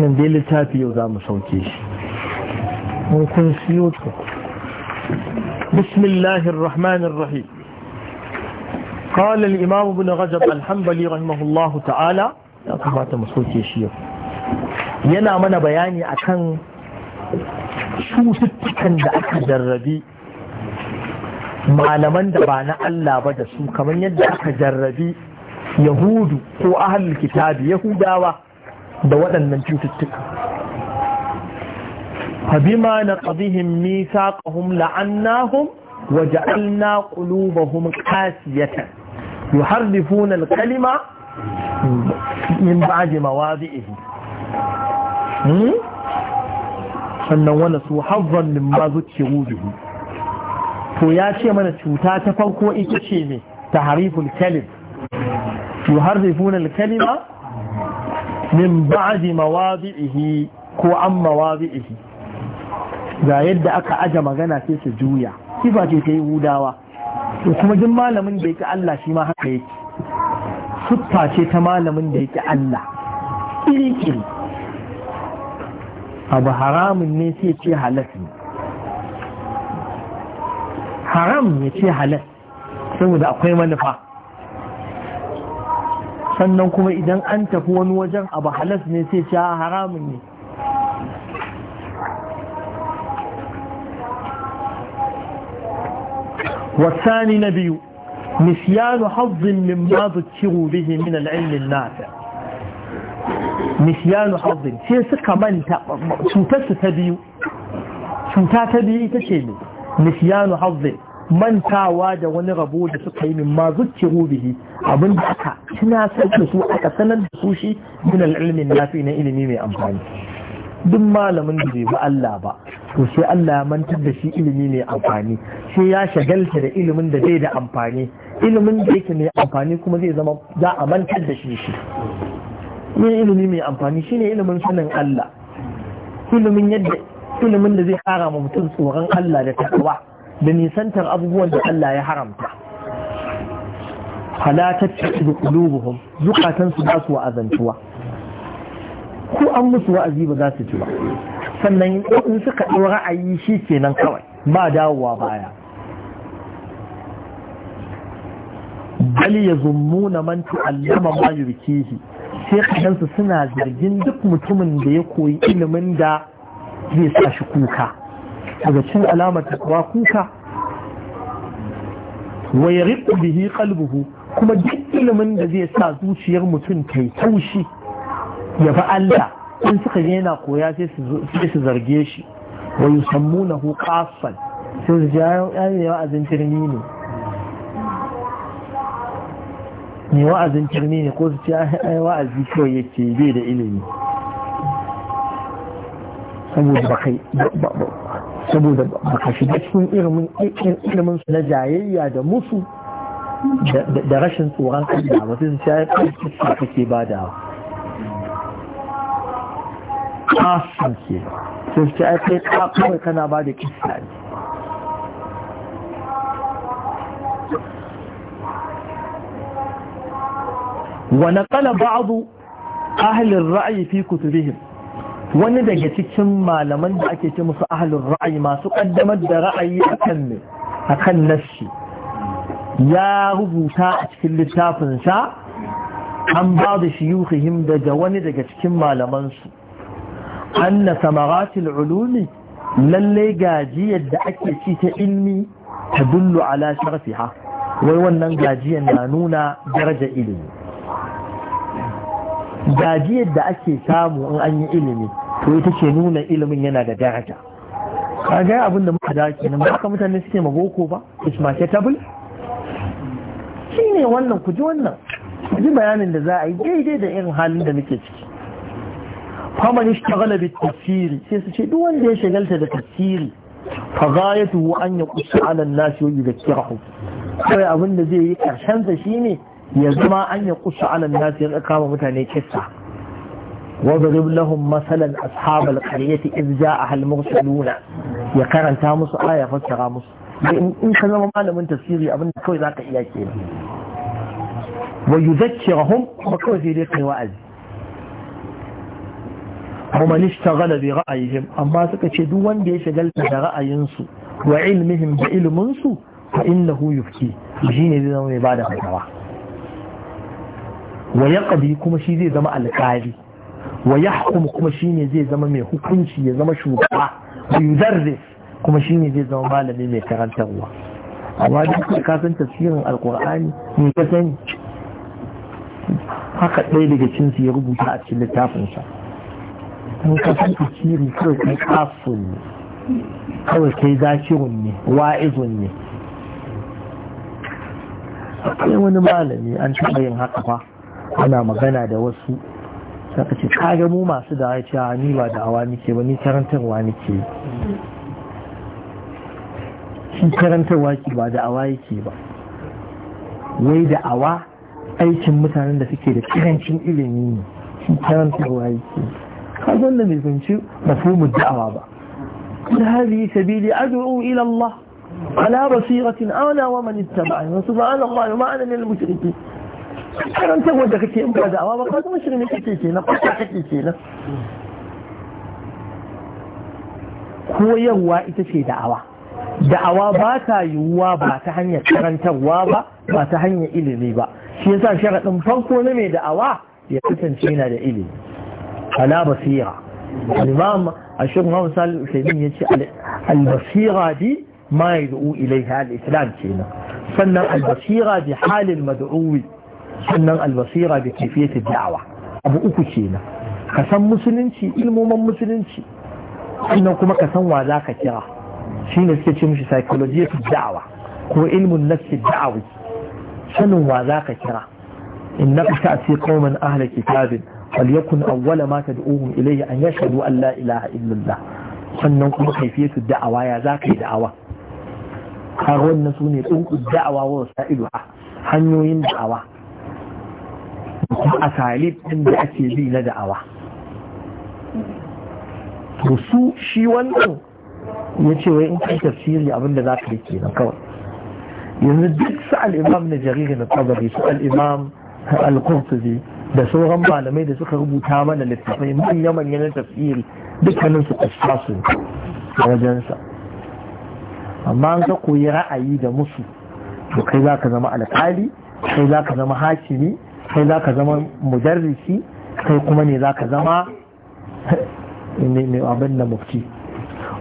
nan dai littafi yau za mu sauke shi mun kun siyo ta bismillahir rahmanir rahim قال الإمام ابن رجب الحنبلي ya kamata mu soke shi yau yana mana bayani akan cututtukan da aka jarrabi malaman da ba na Allah ba da su kamar yadda aka jarrabi yahudu ko ahal kitabi yahudawa da waɗannan cututtuka habima na ƙabihin nisa ƙahun la'annahun waje ƙasiyata yi har وجعلنا قلوبهم قاسية يحرفون ji من بعد مواضعه sannan wani su hazzon mimma zuke wujuhu to ya ce mana cuta ta farko ita ce ne ta hariful kalib yuharrifuna al-kalima min ba'di mawadi'ihi ko an mawadi'ihi ga yadda aka aja magana sai su juya sifa ce ta yahudawa to kuma jin malamin da yake Allah shi ma haka yake suffa ce ta malamin da yake Allah kirkiri abu haramun ne sai ce halas ne haram ya ce halas saboda akwai manufa sannan kuma idan an tafi wani wajen abu halas ne sai sha haramun ne na biyu, والثاني نبي نسيان حظ مما ذكروا به min العلم النافع نسيان حظ sai suka manta cutarsu ta biyu cuta ta biyu ita ce ne nisyanu hazzin mantawa da wani rabo da suka yi min ma bihi rubihi, da aka tunasar da su aka sanar da su shi min na fi na ilimi mai amfani duk malamin da bai bi Allah ba to sai Allah ya mantar da shi ilimi mai amfani sai ya shagalta da ilimin da bai da amfani ilimin da yake mai amfani kuma zai zama za a mantar da shi shi yin ilimi mai amfani shine ilimin sanin Allah ilimin yadda ilimin da zai kara ma mutum tsoron Allah da takawa da nisantar abubuwan da Allah ya haramta fala tattabi qulubuhum zukatan su ba su wa'azantuwa ko an musu wa'azi ba za su ji ba sannan in suka ɗau ra'ayi shi kenan kawai ba dawowa baya bal yazummuna manta allama ma yurkihi sai kadansu suna zargin duk mutumin da ya koyi ilimin da zai sa shi kuka daga cin alamar takwa kuka wa yariqu bihi qalbuhu kuma duk ilimin da zai sa zuciyar mutum ta yi taushi ya bi Allah in suka je yana koya sai su zarge shi wa yusammunahu qaffan sai su ji ayi wa'azin turmi ne ne wa'azin turmi ne ko su ya ayi wa'azi kawai yake bai da ilimi saboda ba ka shiga cikin ilimin su na jayayya da musu da rashin tsoron Allah ba sun sai kan kisa kake badawa kasan ke sun sai kai kawai kana ba da kisa ne ونقل بعض أهل ra'ayi fi كتبهم wani daga cikin malaman da ake ce musu ahalin ra'ayi masu ƙaddamar da ra'ayi a kan ne a kan nashi ya rubuta a cikin littafinsa an ba da shiyukhihim daga wani daga cikin malamansu anna samaratul ulumi lalle gajiyar da ake ci ta ilmi ta dullu ala sharfiha wai wannan gajiyar na nuna daraja ilimi gajiyar da ake samu in an yi ilimi to ita ce nuna ilimin yana da daraja ka ga abin da muka dace ne ba ka mutane suke magoko ba it's marketable ne wannan ku ji wannan ku ji bayanin da za a yi daidai da irin halin da muke ciki faman ishtaghala bit tafsiri sai su ce duk wanda ya shagalta da tafsiri fa ya an yaqussa 'ala an da wa yudhakkiruhum sai abin da zai yi karshen sa shine ya zama an yaqussa 'ala an ya kama mutane kissa واضرب لهم مثلا أصحاب القرية إذ جاءها المرسلون ya karanta musu aya fassara musu in ka zama malamin tafsiri abin da kawai za ka iya ke ويذكرهم وكوزي لقي وأزي ومن اشتغل برأيهم أما سكتشدوا وان بيشغلت برأيينسو وعلمهم بإلمنسو فإنه يفكي يجين ذنو يبادة فتوى ويقضي كما شي زي زما القاضي ويحكم كما شي زي زما مي حكمشي يا زما شugaba ويدرس كما شي زي زما malami mai karantarwa amma duk ka san tafsirin alqur'ani ne haka ɗaya daga cinsu ya rubuta a cikin littafinsa in ka san tasiri kawai kai kafin ne kawai kai zakirun ne wa'izun ne akwai wani malami an taɓa yin haka fa ana magana da wasu saka ce ka mu masu da ya ce ni ba da awa nike ba ni karantarwa nike shi karantarwa ki ba da awa yake ba wai da awa aikin mutanen da suke da kirancin ilimi ne shi karantarwa yake kasan da mai fahimci mu da'awa ba قل هذه سبيلي أدعو إلى الله على بصيرة أنا wa اتبعني وسبحان الله وما أنا من المشركين karan saboda kake in ba da'awa ba ka shirin kake kenan ko ka kake kenan koyarwa ita ce da'awa da'awa ba ta yiwuwa ba ta hanyar karantarwa ba ba ta hanyar ilimi ba shi yasa sharaɗin farko na mai da'awa ya kasance yana da ilimi ala basira al-imam ashir muhammad salih usaimin ya ce al-basira bi ma yad'u ilayha al-islam kenan sannan al-basira bi halin mad'uwi sannan al-basira bi kayfiyati da'awa abu uku kenan ka san musulunci ilmomin musulunci sannan kuma ka san wa zaka kira shine suke ce mishi psychology da'awa ko ilmun nafsi da'awi sanin wa za ka kira in na fita a ce kauman ahla kitabin falyakun awwala ma tad'uhum ilayhi an yashhadu an la ilaha illallah sannan kuma su da'awa ya za ka yi da'awa kaga wannan su ne tsunkun da'awa wa sa'iduha hanyoyin da'awa kuma asalib ɗin da ake bi na da'awa to su shi wannan ya ce wai in kai tafsiri abinda za ka yi kenan kawai yanzu duk su al'imam na jaririn na tabari su al'imam al-qurtubi da sauran malamai da suka rubuta mana littafai manya manya na tafsiri dukkanin su kasasu a wajensa amma an ka koyi ra'ayi da musu to kai za ka zama alƙali kai za ka zama hakimi kai za ka zama mudarrisi kai kuma ne za ka zama abin da mufti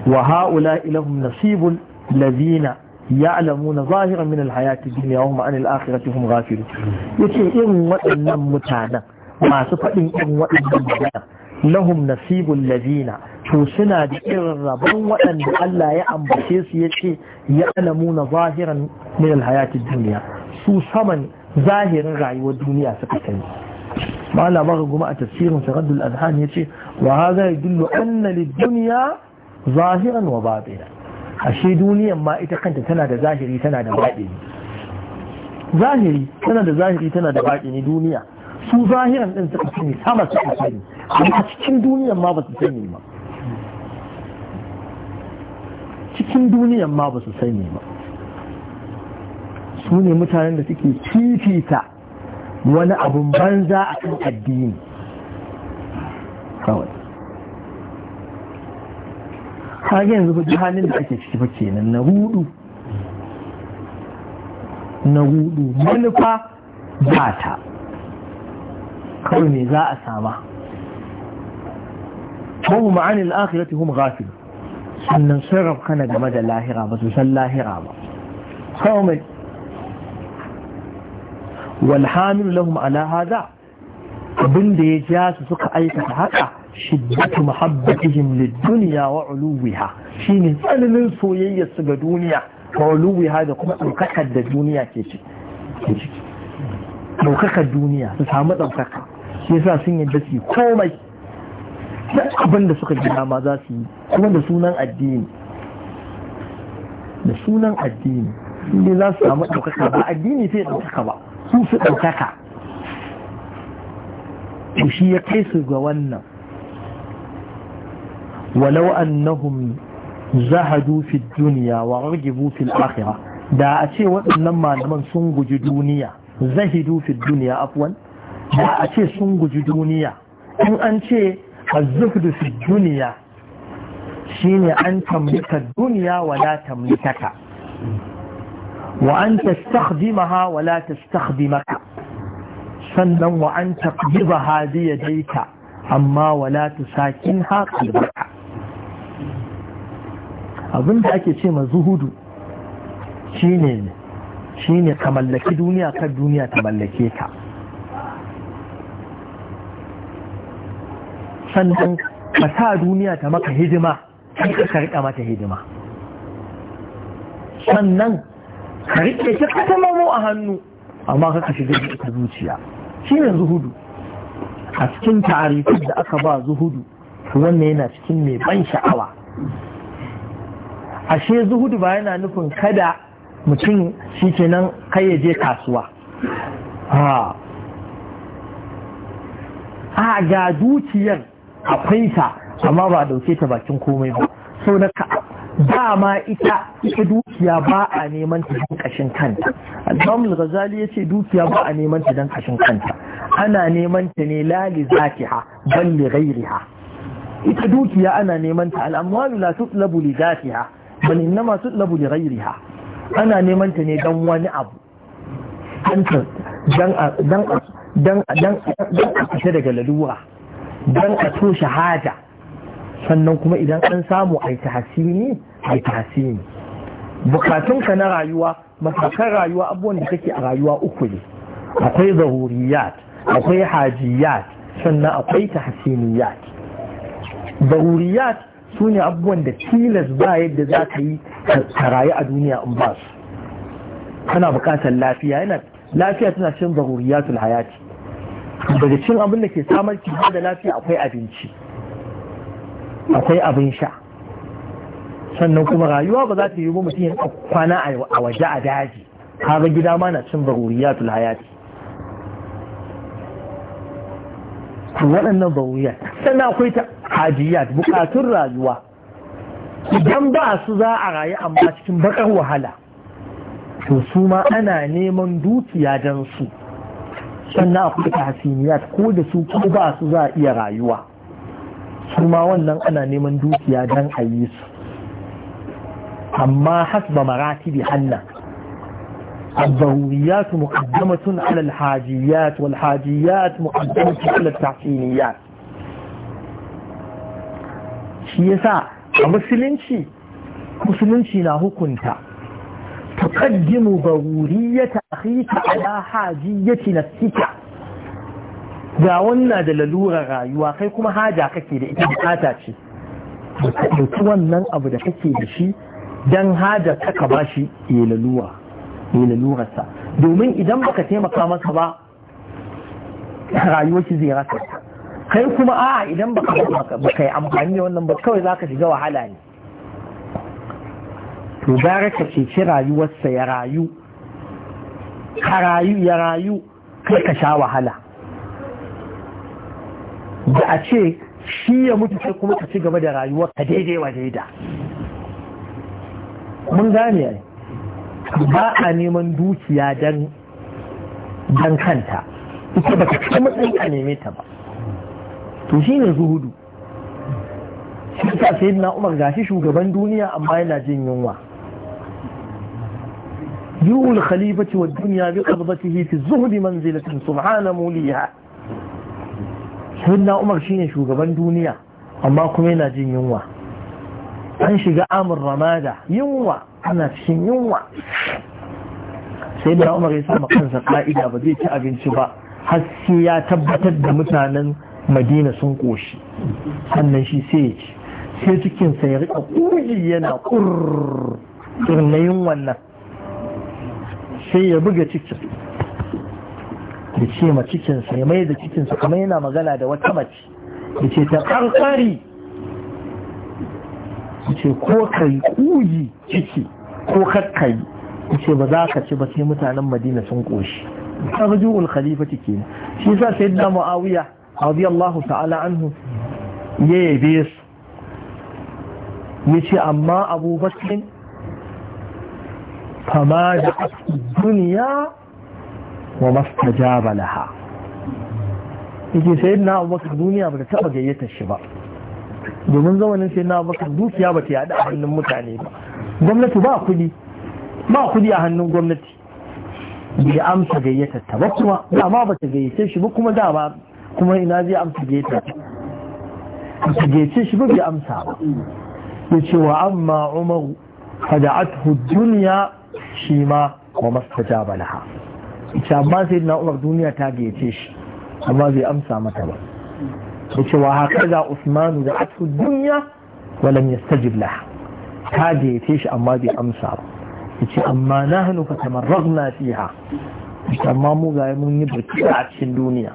wa ha'ula ilahum nasibun lazina ya'lamuna zahiran min al-hayati dunya wa hum an al-akhirati hum ghafilun yace irin waɗannan mutanen masu faɗin irin waɗannan mutanen lahum nasibul ladina to suna da irin rabon waɗanda Allah ya ambace su yace ya'lamuna zahiran min al-hayati dunya su saman zahirin rayuwar duniya suka sani malama guma a tafsirin saraddul azhan yace wa hadha yadullu anna lid-dunya zahiran wa batinan ashe duniyan ma ita kanta tana da zahiri tana da ne zahiri tana da zahiri tana da ne duniya su zahiran ɗin suka sani sama suka sani amma cikin duniyan ma ba su sani ba cikin duniyan ma ba su sani ba su ne mutanen da suke fifita wani abun banza a kan addini kawai kage yanzu ba halin da ake ciki ba kenan na hudu na hudu manufa ba ta kawai me za a sama hau ma'anin al'akhirati hum ghafil sannan sarraf kana game da lahira ba su san lahira ba kawai walhamilu lahum ala hada abin da ya ja su suka aikata haka shiddatu mahabbatihim lid-dunya wa 'uluwiha shine tsananin soyayya su ga duniya wa 'uluwiha da kuma daukakar da duniya ke ci daukakar duniya su samu daukaka shi yasa sun yadda su komai duk abin da suka gina ma za su yi kuma da sunan addini da sunan addini inda za su samu ɗaukaka ba addini sai ɗaukaka ba su su ɗaukaka to shi ya kai su ga wannan walau annahum zahadu fi duniya wa ragibu fil akhirah da a ce waɗannan malaman sun guji duniya zahidu fi duniya afwan da a ce sun guji duniya in an ce azzuhdu fi duniya shine an tamlika duniya wa la tamlikaka wa an tastakhdimaha wa la tastakhdimaka sannan wa an taqbidaha bi yadayka amma wa la tusakinha qalbaka abinda ake ce ma zuhudu shine shine ka mallaki duniya kan duniya ta mallake ka sannan ka sa duniya ta maka hidima sai ka karɗa mata hidima sannan ka riƙe ta katamamo a hannu amma ka shiga ta zuciya shine zuhudu a cikin tarihin da aka ba zuhudu wannan yana cikin mai ban sha'awa ashe zuhudu ba yana nufin kada mutum shi kenan kai kasuwa a ga dukiyar akwai ta amma ba dauke ta bakin komai ba so na ka ma ita ita dukiya ba a neman ta don kashin kanta al ghazali yace dukiya ba a neman ta don kashin kanta ana neman ta ne lali zatiha bal li ghayriha ita dukiya ana neman ta al la tutlabu li zatiha bal masu tutlabu li ghayriha ana neman ta ne dan wani abu hantar dan dan dan fita daga lalura dan a to shahada sannan kuma idan an samu ai tahsini ai tahsini ka na rayuwa matakan rayuwa abubuwan da kake a rayuwa uku ne akwai zahuriyat. akwai hajiyat sannan akwai tahsiniyat Zahuriyat. su ne abubuwan da tilas ba yadda za ka yi ka rayu a duniya in ba su kana bukatar lafiya yana lafiya tana cin zaruriyatul hayati daga cin abin da ke samar ki da lafiya akwai abinci akwai abin sha sannan kuma rayuwa ba za ta yi ba mutum ya kwana a waje a daji kaga gida ma na cin zaruriyatul hayati to waɗannan bawuyar sannan akwai ta hajiyat bukatun rayuwa idan ba su za a rayu amma cikin bakar wahala to su ma ana neman dukiya don su sannan akwai ta hasiniya ko da su ko ba su za a iya rayuwa su ma wannan ana neman dukiya don a yi su amma hasba marati bi hannan الضروريات مقدمة على الحاجيات والحاجيات مقدمة على التحسينيات shi yasa a musulunci na hukunta tuqaddimu daruriyata akhika ala hajiyati nafsika ga wannan da lalurar rayuwa kai kuma haja kake da ita bukata ce dauki wannan abu da kake da shi dan haja ka bashi ya laluwa ne lalurarsa domin idan baka taimaka masa ba rayuwar shi zai rasa kai kuma a idan baka yi amfani da wannan ba kawai zaka shiga wahala ne to gara ka ceci rayuwarsa ya rayu ka rayu ya rayu kai ka sha wahala da a ce shi ya mutu sai kuma ka ci gaba da rayuwar ka daidai wa daida mun gane ba a neman dukiya don kanta ita ba ka kai matsayin a neme ta ba to shi ne zuhudu shi ta sai na umar gashi shugaban duniya amma yana jin yunwa يو الخليفة والدنيا بقبضته في الزهد منزلة سبحان موليها سيدنا shi ne shugaban duniya amma kuma yana jin yunwa an shiga amur ramada yunwa ana cikin yunwa sai da umar ya samu kansa ka'ida ba zai ci abinci ba har sai ya tabbatar da mutanen madina sun koshi sannan shi sai ya ci sai cikinsa ya rika kurji yana kurr na yunwan nan sai ya buga cikin ya ce ma cikinsa ya mai da cikinsa kuma yana magana da wata mace da ce ta kankari ce ko ka yi kuji ciki ko kakkai ce ba za ka ci ba sai mutanen madina sun koshi tarju'ul khalifati kenan shi yasa sayyidina muawiya radiyallahu ta'ala anhu ya yabe su yace amma abu bakr fama da duniya wa mastajaba laha yake sayyidina abu bakr duniya ba ta taba gayyata shi ba domin zamanin sai abu bakr dukiya ba ta yada a hannun mutane ba gwamnati ba kudi ba kudi a hannun gwamnati bai amsa gayyatar ta ba kuma dama ba ta gayyace shi ba kuma dama kuma ina zai amsa gayyatar ta ba ta gayyace shi ba bai amsa ba ya ce wa amma umaru fada'athu duniya shi ma wa mastajaba laha ita amma sai na umar duniya ta gayyace shi amma bai amsa mata ba ya ce wa haka za usmanu da athu duniya walam yastajib laha Ka ya shi amma bai amsa ba ce amma na hannu fa tamarragna fiha amma mu ga mun yi barci a cikin duniya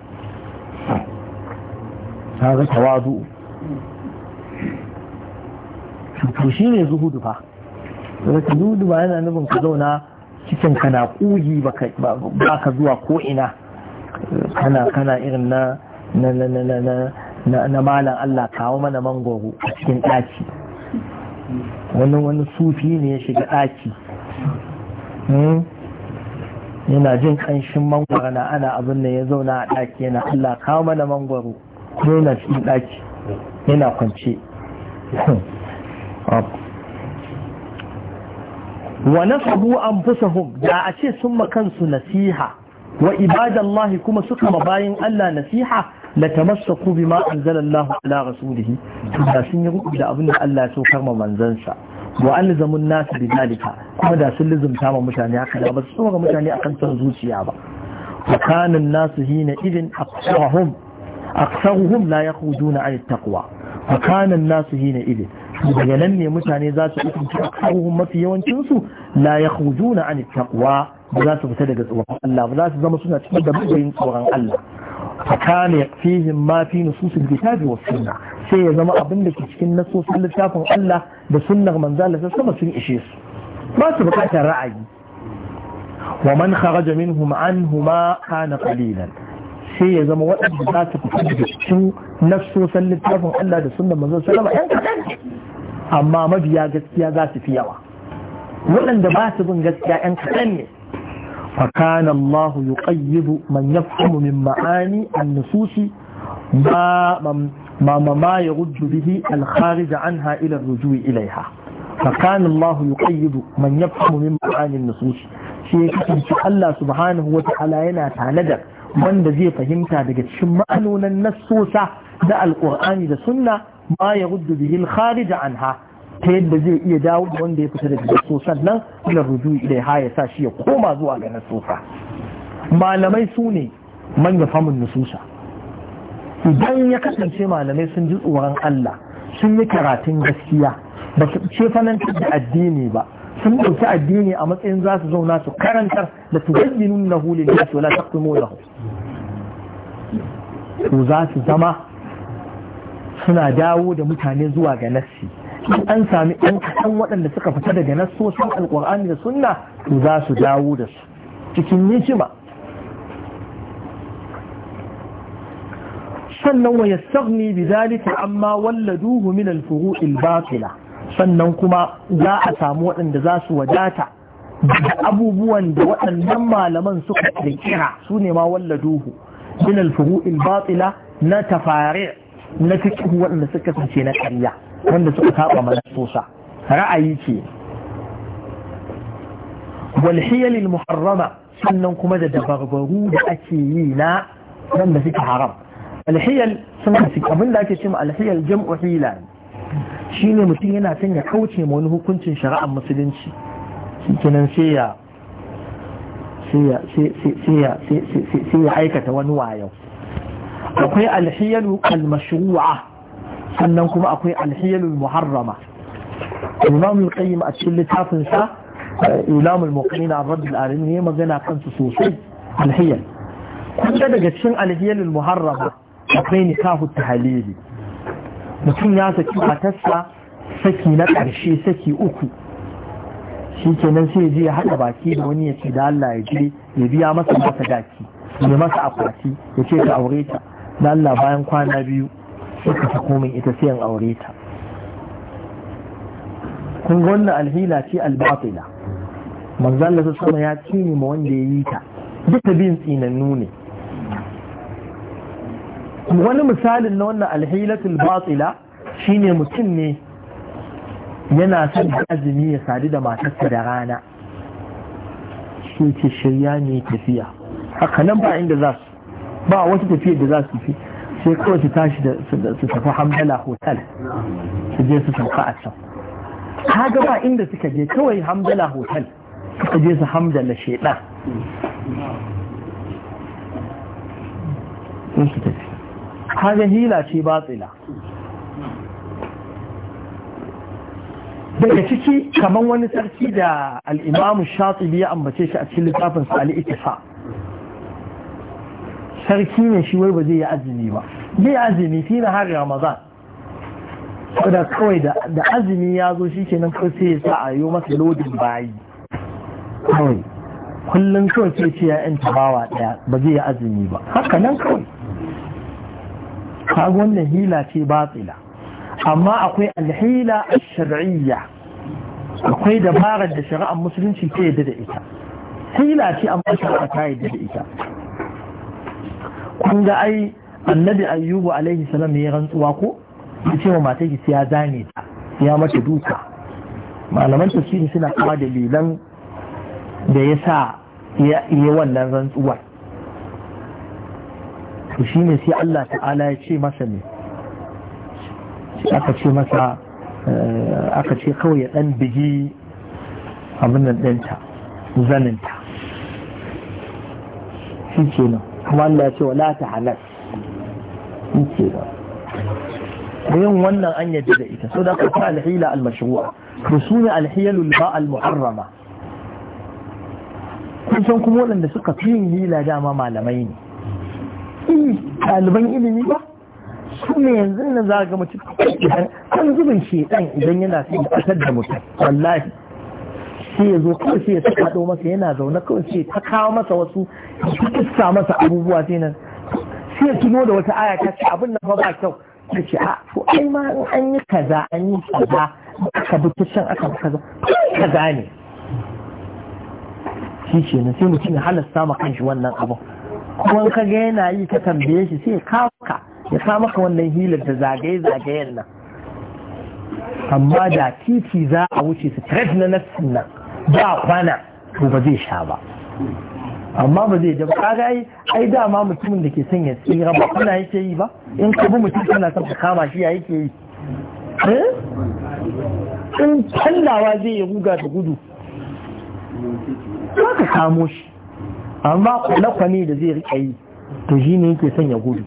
ta ga tawazu to shi ne zuhudu fa zuhudu ba yana nufin ka zauna cikin kana kugi ba ka zuwa ko ina kana kana irin na na na na na na malam Allah kawo mana mangoro a cikin ɗaki Wannan wani sufi ne ya shiga ɗaki hmm? yana jin ƙanshin mangwaro na ana abin da ya zauna a ɗaki yana Allah kawo mana mangwaro ko yana cikin ɗaki yana kwance wa nasabu anfusahum da a ce sun ma kansu nasiha wa ibadallahi kuma suka ma bayin Allah nasiha la tamassaku bima anzalallahu ala rasulihi da sun yi ruku da abin da Allah ya saukar ma manzansa wa alzamun nasu bi zalika kuma da sun lizumta ma mutane haka da ba su tsora mutane akan son zuciya ba wa kana nasu hina idin aqsahum aqsahum la yakhuduna an taqwa wa kana nasu hina idin daga nan ne mutane za su ikunci aqsahum mafi yawancin su la yakhuduna an taqwa ba za su fita daga tsoron Allah ba za su zama suna cikin da tsoron Allah fa kana yakfihim ma fi nususil kitabi was sunnah sai ya zama abin da ke cikin nasosin littafin Allah da sunnar manzala ta sama sun ishe su ba su bukatar ra'ayi wa man kharaja minhum anhuma kana qalilan sai ya zama waɗanda za su fita daga cikin nasosin littafin Allah da sunnar manzala sallama ɗan kaɗan amma mabiya gaskiya za su fi yawa waɗanda ba su bin gaskiya ɗan kaɗan ne فكان الله يقيد من يفهم من معاني النصوص ما ما ما يرد به الخارج عنها الى الرجوع اليها فكان الله يقيد من يفهم من معاني النصوص شيء الله سبحانه وتعالى ينا تاندر wanda zai fahimta daga cikin ma'anonin nassosa da Alƙur'ani da sunna ma ya به الخارج عنها anha ta yadda zai iya dawo da wanda ya fita daga nassosan nan ila rudu ilaiha ya sa shi ya koma zuwa ga nassosa malamai su ne manya famun nassosa idan ya kasance malamai sun ji tsoron Allah sun yi karatun gaskiya ba su ce fanantar da addini ba sun ɗauki addini a matsayin za su zauna su karantar da su bayyinu na hulun da su lata kuma da su za su zama suna dawo da mutane zuwa ga nassi in an sami ɗan kasan waɗanda suka fita daga nassosin alƙur'ani da sunna to za su dawo da su cikin nishima sannan wa yastaghni bidhalika amma walladuhu min al-furu'il batila sannan kuma za a samu waɗanda za su wadata da abubuwan da waɗannan malaman suka kira su ne ma walladuhu min al-furu'il batila na tafari na fiqh waɗanda suka kasance na ƙarya wanda suka saba manasusa ra'ayi ce wal hiyal al-muharrama sannan kuma da dabarbaru da ake yi na wanda suke haram alhiyal suna abin da ake cewa alhiyal jam'u hila shine mutum yana son ya kauce ma wani hukuncin shari'ar musulunci kenan sai ya aikata wani wayo akwai alhiyalu almashru'a sannan kuma akwai alhiyalu muharrama imam al-qayyim a cikin littafin sa eh, ilamul muqinin ar-rabb al-alamin ne magana kansa sosai alhiyal kun daga cikin alhiyalul muharrama akwai nikahu tahalili mutum ya saki matarsa saki na ƙarshe saki uku shi kenan sai je ya haɗa baki da wani ya ce da Allah ya je ya biya masa masa daki ya masa akwati ya ce ka aure ta da Allah bayan kwana biyu suka ta komin ita sai aure ta kun ga wannan alhila ce albatila manzo Allah sama ya tsine ma wanda ya yi ta duka bin tsinannu ne wani misalin na wannan alhilatul batila shine mutum ne yana son azumi ya sadu da matarsa da rana shi ce shirya ne tafiya haka nan ba inda za su ba wata tafiya da za su fi sai kawai su tashi da su tafi hamdala hotel su je su sauka a can haka ba inda suka je kawai hamdala hotel suka je su hamdala shaidan kaga hila ce batsila daga ciki kamar wani sarki da al'imamu shatibi ya ambace shi a cikin littafin sali ikisa sarki ne shi wai ba zai yi azumi ba zai azumi fi na har ramazan da kawai da azumi ya zo shi kenan kawai sai ya sa a yi masa lodin bayi kawai kullum kawai sai ce ya yan tabawa daya ba zai yi azumi ba haka nan kawai kaga wannan hila ce batsila amma akwai alhila ash-shar'iyya akwai dabarar da shari'ar musulunci ta yadda da ita hila ce amma shari'a ta yadda da ita kun ai annabi ayyubu alaihi salam ya rantsuwa ko ya ce wa matar ki ya zane ta ya mata duka malaman tafsiri suna kawo dalilan da ya sa ya wannan rantsuwar to shi ne sai Allah ta'ala ya ce masa ne aka ce masa eh, aka ce kawai ya ɗan bigi abin nan ɗinta zaninta shi ke nan kuma Allah ya ce wala ta halas shi ke nan an yadda da ita so da ka ta ba almuharrama kun san kuma waɗanda suka fi yin hila dama malamai ne eh ɗaliban ilimi ba su ne yanzu nan za ga mutum idan an zubin shedan idan yana son kasar da mutum wallahi sai ya zo kawai sai ya saka ɗau masa yana zaune kawai sai ta kawo masa wasu ta kissa masa abubuwa sai nan sai ya tuno da wata aya ta ce abin nan fa ba kyau ta ce a to ai ma in an yi kaza an yi kaza aka bi ta can aka bi kaza kaza ne shi ce na sai mutum ya halasta ma kanshi wannan abin kuma ka ga yana yi ta tambaye shi sai ka ya sa maka wannan hilar da zagaye zagayen nan amma da titi za a wuce su tres na nassin nan ba kwana to ba zai sha ba amma ba zai da ba ga ai dama mutumin da ke son ya tsira ba kuna yake yi ba in ka mutum kana son ka kama shi ya yake yi eh? in tallawa zai yi ruga da gudu za ka kamo shi amma kwanakwa ne da zai riƙa yi to shi ne yake sanya ya gudu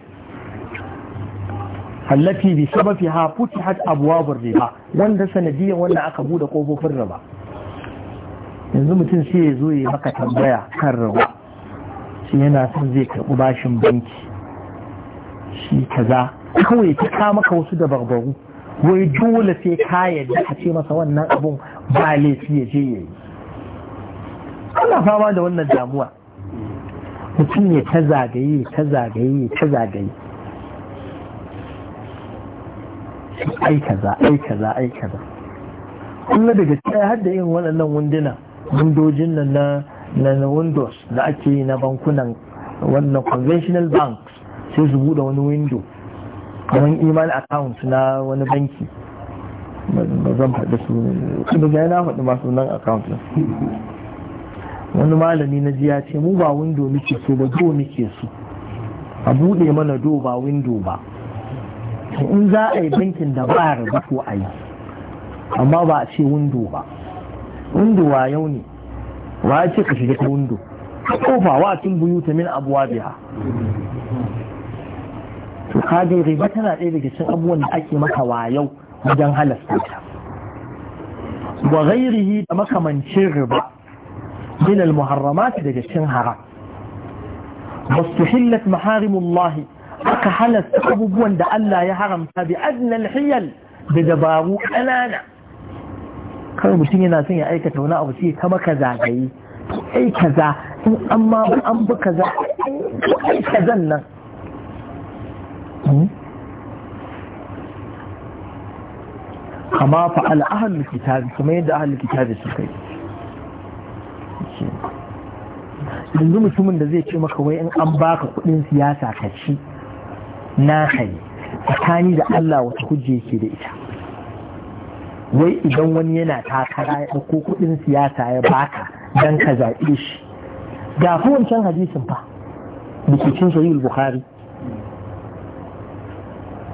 allafi bi sababi ha futi hat abuwabur riba wanda sanadiyar wanda aka bude kofofin raba. yanzu mutum sai ya zo ya maka tambaya kan riba shi yana son zai karɓi bashin banki shi kaza kawai ta ka maka wasu da barbaru wai dole sai ka yadda ka ce masa wannan abun ba laifi ya je ya yi ana fama da wannan damuwa mutum ya ta zagaye ta zagaye ta zagaye ai kaza ai kaza ai kaza kuma daga cikin har da irin waɗannan wunduna wundojin nan na na windows da ake yi na bankunan wannan conventional banks sai su buɗe wani window kamar email account na wani banki ba zan faɗi su ne kuma ga na faɗi masu nan account wani malami na ji ya ce mu ba windo muke so ba do muke so a buɗe mana do ba windo ba in za a yi bankin da ba a rabu ko a yi amma ba a ce windo ba windo wa yau ne wa ya ce ka shiga ta windo ta kofa wa tun buyu ta min abuwa biya to riba tana ɗaya daga cikin abubuwan da ake maka wa yau wajen halasta ta wa ghairihi da makamancin riba من المحرمات دي جشن هغا مستحلت محارم الله أكحلت أبوبوان دا ألا يحرم فبأذن الحيل بدباغو أنانا كانوا مشتيني ناسين يا أي كتونا أبو سيه كما كذا جاي أي كذا أما أم بكذا أي كذا لنا كما فعل أهل الكتاب كما يد أهل الكتاب السكين yanzu mutumin da zai ce maka wai in an baka kudin siyasa ka ci na kai tsakani da Allah wata hujja yake da ita wai idan wani yana takara ya ɗauko kudin siyasa ya baka dan ka zaɓe shi ga fi wancan hadisin fa bikin sahih bukhari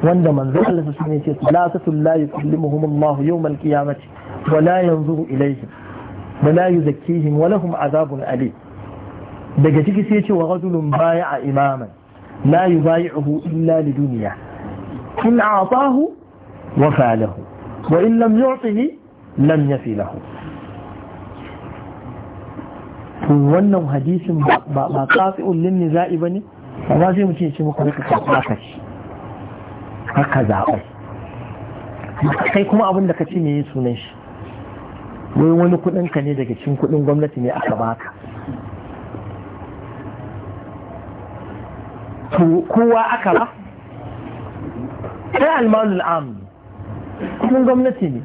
wanda manzo Allah su ne ce salatu la yukallimuhum Allah yawm al-qiyamah wa la yanzuru ilayhim wa la yuzakkihim wa lahum azabun alim daga ciki sai ce wa rajulun baya a imaman la yubayi'uhu illa li duniya in a'tahu wa falahu wa in lam yu'tihi lam yafi lahu to wannan hadisin ba ba qati'un lin niza'i bane amma sai mu ce ce muku rika karɓa ka ci haka zaɓai kai kuma abin da ka ci ne sunan shi wai wani kuɗin ka ne daga cikin kuɗin gwamnati ne aka baka to kowa aka ba sai almanul amin kun gwamnati ne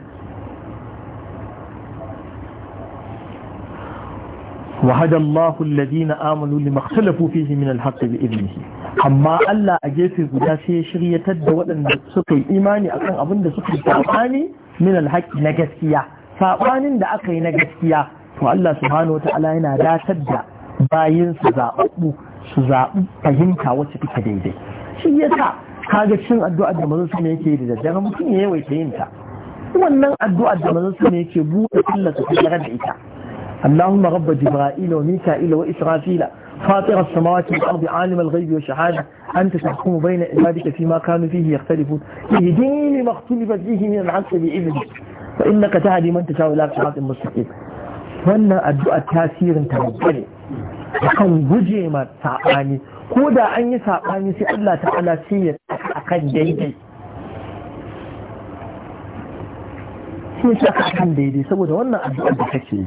wahada mahul ladina amanu lima khalafu fihi min alhaq bi idnihi amma Allah a gefe guda sai ya shiryatar da waɗanda suka yi imani akan abin da suka yi sabani min alhaq na gaskiya Saɓanin da aka yi na gaskiya to Allah subhanahu wa ta'ala yana datar da bayin su zababbu su zaɓi fahimta wacce take daidai shi ya sa kaga cin addu'a da mazan sama yake da daddare mutum ya yawaita yin ta wannan addu'a da mazan sama yake buɗe sallata ta tare da ita اللهم رب جبرائيل وميكائيل وإسرافيل فاطر السماوات والأرض عالم الغيب والشهادة أنت تحكم بين عبادك فيما كانوا فيه يختلفون اهديني ما اختلفت فيه من الحق بإذنك فإنك تهدي من تشاء إلى صراط مستقيم وأن ادعو التاثير تبدل akan guje ma saɓani ko da an yi saɓani sai Allah ta'ala sai ya a kan daidai sai ya a kan daidai saboda wannan addu'ar da kake yi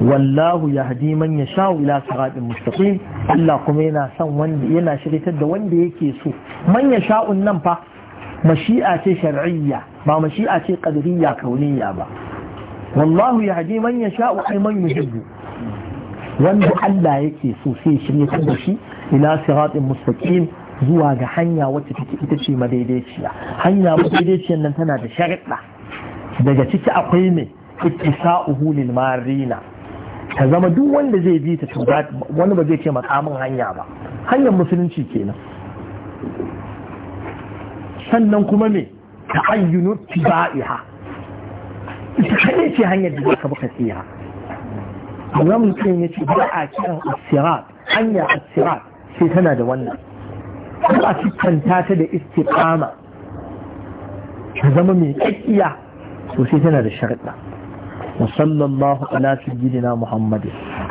wallahu ya hadi man ya sha ila siratin mustaqim Allah kuma yana son wanda yana shiritar da wanda yake so man ya sha'un nan fa mashi'a ce shar'iyya ba mashi'a ce qadariyya kauniyya ba wallahu ya hadi man ya sha'u ay man yuhibbu wanda Allah yake so sai shi ta da shi ila siratin mustaqim zuwa ga hanya wacce take ita ce madaidaiciya hanya madaidaiciyar nan tana da sharaɗa daga ciki akwai mai ittisa'uhu lil marina ta zama duk wanda zai bi ta tuba wani ba zai ce makamin hanya ba hanyar musulunci kenan sannan kuma me ta ayyunu tiba'iha ita kai ce hanyar da zaka baka tsira imam muslim ya ce ba a kiran asirat hanya asirat sai tana da wannan ba a siffanta ta da istiqama ta zama mai kakkiya to sai tana da sharɗa wa sallallahu ala sayyidina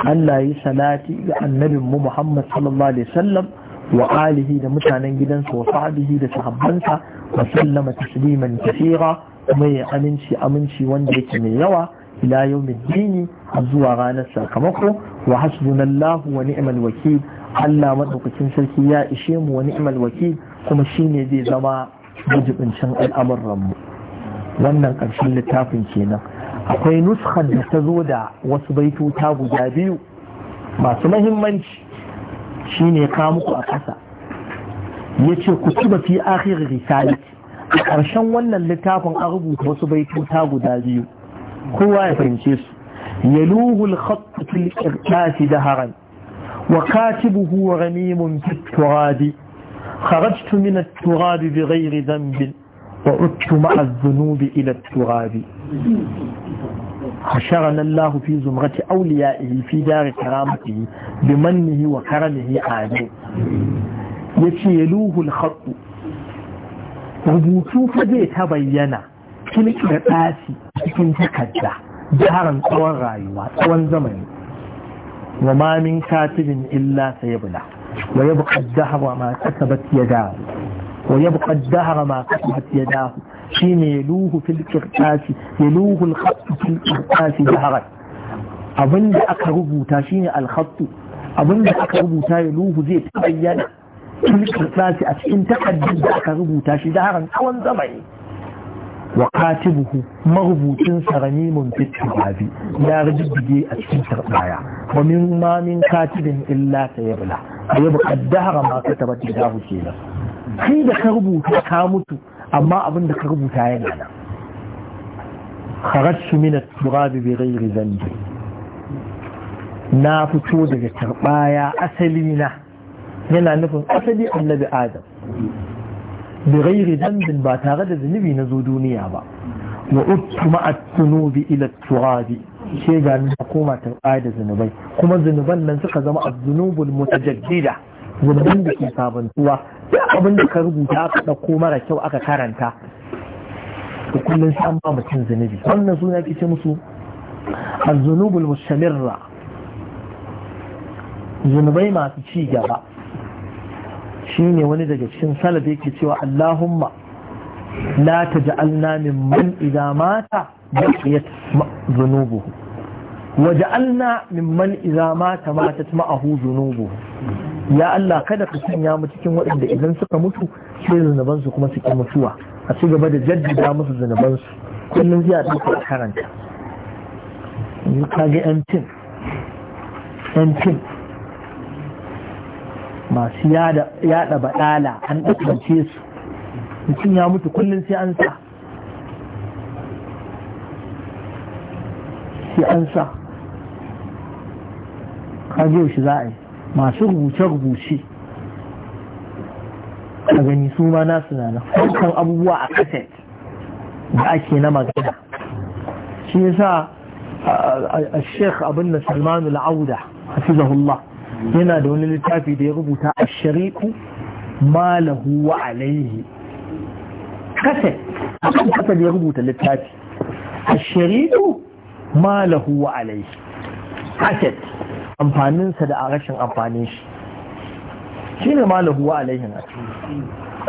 Allah yi salati ga annabin mu muhammad sallallahu alaihi wasallam wa alihi da mutanen gidansa wa sahbihi da sahabbansa wa sallama tasliman kaseera kuma ya aminci aminci wanda yake mai yawa ila yawmin dini zuwa ranar sakamako wa hasbunallahu wa ni'mal wakil Allah madaukakin sarki ya ishe mu wa ni'mal wakil kuma shine zai zama majibincin al'amuran mu wannan ƙarshen littafin kenan akwai nuskar da ta zo da wasu baituta guda biyu masu mahimmanci shine ka muku a ƙasa ya ce ku tuba fi akhir risalati a ƙarshen wannan littafin an rubuta wasu baituta guda biyu هو فرنسيس يلوغ الخط في الإرقاس دهرا وكاتبه غميم في التراب خرجت من التراب بغير ذنب وعدت مع الذنوب إلى التراب حشرنا الله في زمرة أوليائه في دار كرامته بمنه وكرمه آله يتي يلوه الخط ربوتو فجيت بينا kirkira ɗasi cikin takarda jaharan tsawon rayuwa tsawon zamani wa ma min katibin illa sayabla wa yabqa ad-dahra ma kasabat yadahu wa yabqa ad-dahra ma kasabat yadahu shine yaluhu fil qirtasi yaluhu al-khat fil qirtasi jaharan abinda aka rubuta shine al-khat abinda aka rubuta yaluhu zai tabayyana fil qirtasi a cikin takaddun da aka rubuta shi jaharan tsawon zamani wa katibuhu marubucin sarani mun fi tibabi ya rajibige a cikin tarbaya wa min ma min katibin illa ta a ya buƙaddara ma ka taba tidahu nan. kai da ka rubuta ka mutu amma abin da ka rubuta yana nan kharajtu su at-turab bi ghairi na fito daga tarbaya asali na yana nufin asali annabi adam bi ghairi dambin ba tare da zunubi na zo duniya ba wa uttu ma'a zunubi ila turabi sai ga na koma ta da zunubai kuma zunuban nan suka zama az-zunubul mutajaddida zunuban da ke sabantuwa duk abin da ka rubuta aka ɗauko mara kyau aka karanta Da kullum sai an ba mutum zunubi wannan suna ke musu A zunubul mustamirra zunubai masu ci gaba Shi ne wani daga cikin salaf yake cewa Allahumma la taj'alna man idza mata baqiyat dhunubuhu waj'alna man idza mata matat ma'ahu dhunubuhu ya Allah kada ka sanya mu cikin waɗanda idan suka mutu sai zunuban su kuma su ki mutuwa a ci gaba da jaddada musu zunuban su kullum zai a karanta ka ga 'yan fim masu yada baɗala an ɗaukance su mutum ya mutu kullum sai an sa sai an sa kaje shi za a yi masu rubuce-rubuce a gani su ma nasu na na farkon abubuwa a kaset da ake na magana shi yasa a sheikh abin da salmanu la'auda hafizahullah yana da wani littafi da ya rubuta a shariku malahu wa alaihi kasar akan kasa da ya rubuta littafi a shariku malahu wa alaihi kasar amfaninsa da a rashin amfanin shi shi ne malahu wa alaihi na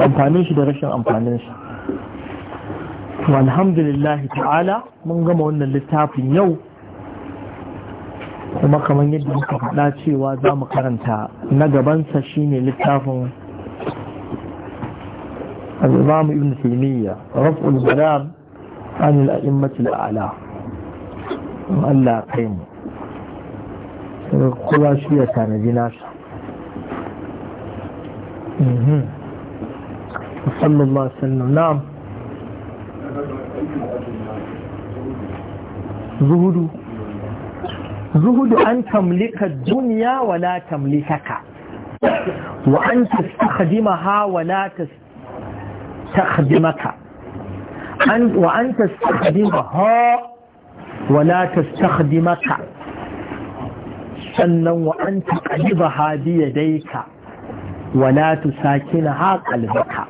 amfanin shi da rashin amfanin shi to alhamdulillah ta'ala mun gama wannan littafin yau kuma kamar yadda muka faɗa cewa za mu karanta na gabansa shine littafin al'imam ibn taimiyya raf'ul balam an al'immatul a'la Allah kai mu kuma shi ya tanadi nasa صلى الله عليه وسلم نعم زهدوا zuhudu an tamlika duniya wala tamlikaka wa an tastakhdima wala tastakhdimaka wa an tastakhdima ha wala tastakhdimaka sannan wa an taqdiba hadiya daika wala tusakina ha qalbaka